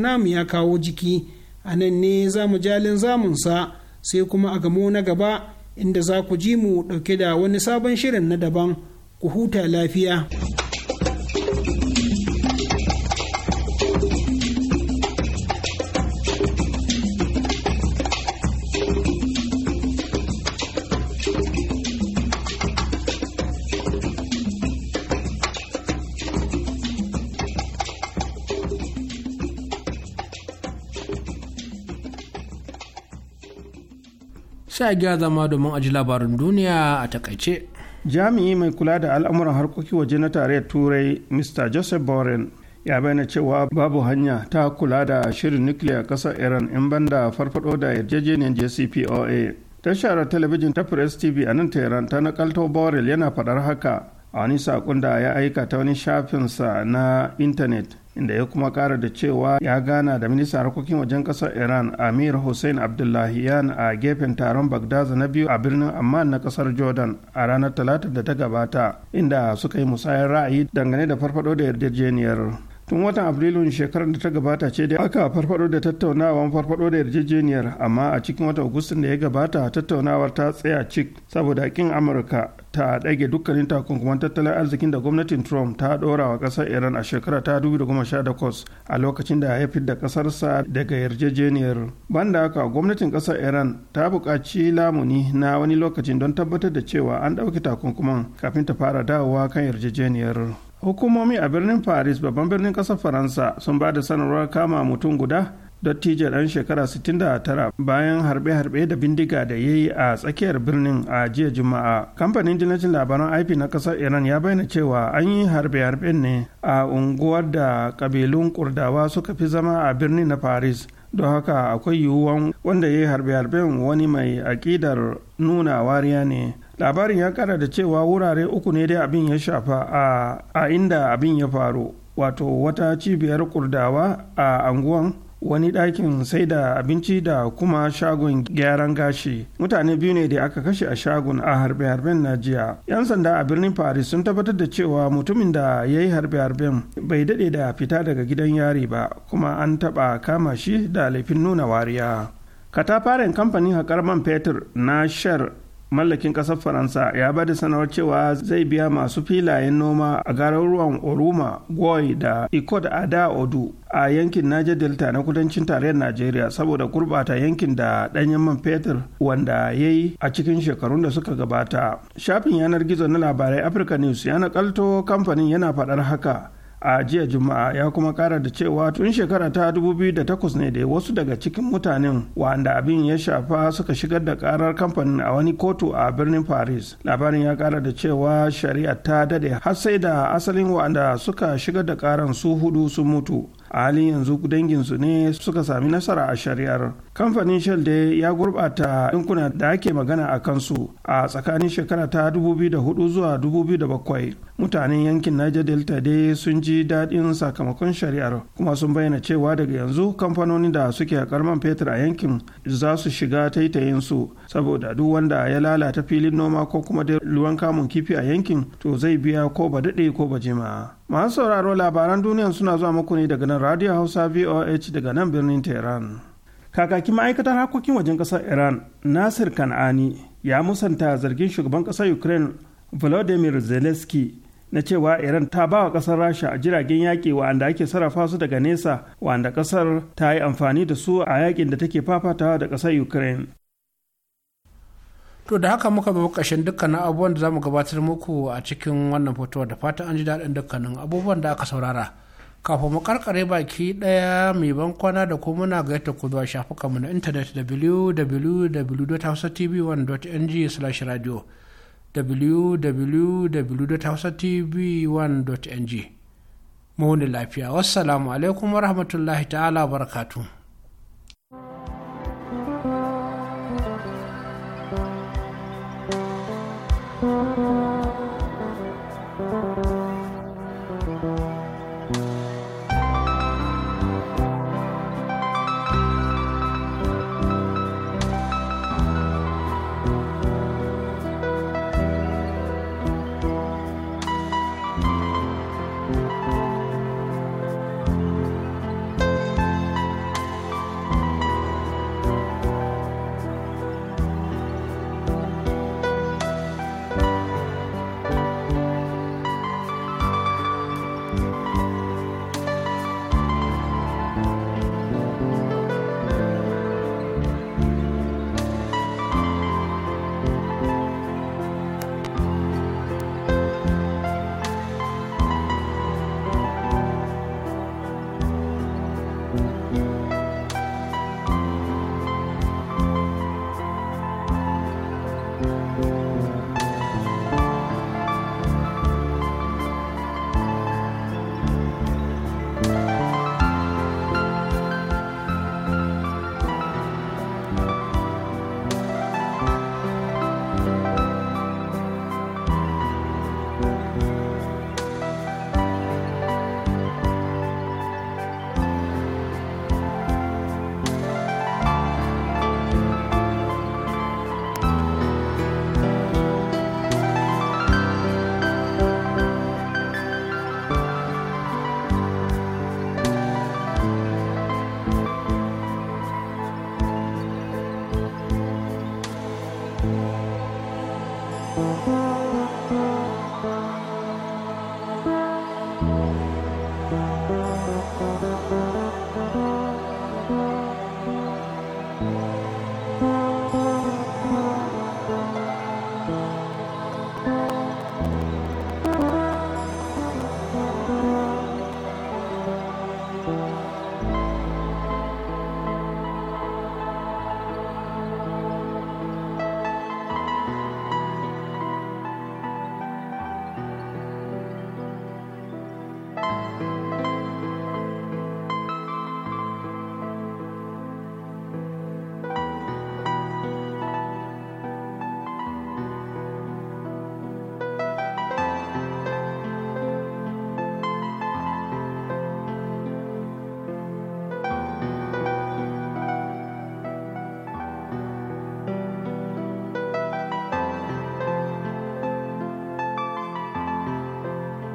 [SPEAKER 3] namu ya kawo jiki a nan ne za mu jalin zamunsa sai kuma a gamo na gaba inda za ku ji mu ɗauke da wani sabon shirin na daban ku huta lafiya.
[SPEAKER 1] sai a gyara zama domin aji labarin duniya a
[SPEAKER 2] takaice. jami'i mai kula da al'amuran harkoki waje na tarayyar turai mr joseph boren ya bayyana cewa babu hanya ta kula da shirin nukiliya kasar iran in banda farfado da yarjejeniyar jcpoa tashar talabijin ta press tv a nan tehran ta nakalto borel yana faɗar haka a wani saƙon da ya aika ta wani shafinsa na intanet inda ya kuma kara da cewa ya gana da ministan harkokin wajen kasar iran amir hussein abdullahiyan a gefen taron bagdaza na biyu a birnin amman na kasar jordan a ranar talatar da ta gabata inda suka yi musayar ra'ayi dangane da farfado da yarjejeniyar tun watan afrilun shekarar da ta gabata ce da aka farfado da tattaunawar farfado da yarjejeniyar amma a cikin watan agustan da ya gabata tattaunawar ta tsaya cik saboda kin amurka ta ɗage dukkanin takunkuman tattalin arzikin da gwamnatin trump ta ɗora wa ƙasar iran a shekara ta 2018 a lokacin da ya da kasarsa daga yarjejeniyar banda haka gwamnatin ƙasar iran ta buƙaci lamuni na wani lokacin don tabbatar da cewa an ɗauki takunkuman kafin ta fara dawowa kan yarjejeniyar hukumomi a birnin paris babban birnin ƙasar faransa sun ba da sanarwar kama mutum guda dattijo dan shekara 69 bayan harbe-harbe da bindiga da ya yi a tsakiyar birnin a jiya juma'a kamfanin jinajin labaran ip na kasar iran ya bayyana cewa an yi harbe harbe ne a unguwar da kabilun kurdawa suka fi zama a birnin na paris don haka akwai yiwuwan wanda ya yi harbe-harben wani mai aƙidar nuna wariya ne labarin ya kara da cewa wurare uku ne dai abin ya shafa a inda abin ya faru wato wata cibiyar kurdawa a anguwan wani ɗakin sai da abinci da kuma shagon gyaran gashi mutane biyu ne da aka kashe a shagon a harbe-harben na jiya yan sanda a birnin paris sun tabbatar da cewa mutumin da ya yi harbe-harben bai daɗe da fita daga gidan yari ba kuma an taɓa kama shi da laifin nuna wariya katafaren kamfanin haƙar man fetur na shar mallakin ƙasar faransa ya ba da sanarwar cewa zai biya masu filayen noma a garuruwan oruma goy da iko da ada odu a yankin niger delta na kudancin tarayyar najeriya saboda gurbata yankin da ɗanyen man fetur wanda ya yi a cikin shekarun da suka gabata shafin yanar gizo na labarai africa news ya nakalto kamfanin yana faɗar haka a jiya juma'a ya kuma kara da cewa tun shekara ta 2008 ne da wasu daga cikin mutanen wanda abin ya shafa suka shigar da karar kamfanin a wani kotu a birnin paris labarin ya kara da cewa shari'a ta dade har sai da asalin wanda suka shigar da karan su hudu sun mutu a halin yanzu danginsu ne suka sami nasara a shari'ar kamfanin shell da ya gurbata yankuna da ake magana a kansu a tsakanin shekara ta 2004 zuwa 2007 mutanen yankin niger delta dai sun ji daɗin sakamakon shari'ar kuma sun bayyana cewa daga yanzu kamfanonin da suke karman fetur a yankin za su shiga taitayinsu saboda duk wanda ya lalata filin noma ko kuma dai ruwan kamun kifi a yankin to zai biya ko ba daɗe ko ba jima masu sauraro labaran duniya suna zuwa muku ne daga nan radio hausa voh daga nan birnin tehran kakakin ma'aikatar harkokin wajen ƙasar iran nasir kan'ani ya musanta zargin shugaban ƙasar ukraine volodymyr zelensky na cewa iran ta ba wa ƙasar rasha a jiragen yaƙi wa'anda ake sarrafa su daga nesa wa'anda ƙasar ta yi amfani da su a yaƙin da take fafatawa da ƙasar ukraine
[SPEAKER 1] to da haka muka bi kashin dukkanin abubuwan da za mu gabatar muku a cikin wannan fotowar da fata an ji daɗin dukkanin abubuwan da aka saurara kafin mu karkare baki ɗaya mai bankwana da kuma muna gaita ku zuwa shafukanmu na intanet www.hausatv1.ng/radio www.hausatv1.ng mu lafiya wassalamu alaikum rahmatullahi ta'ala barakatuh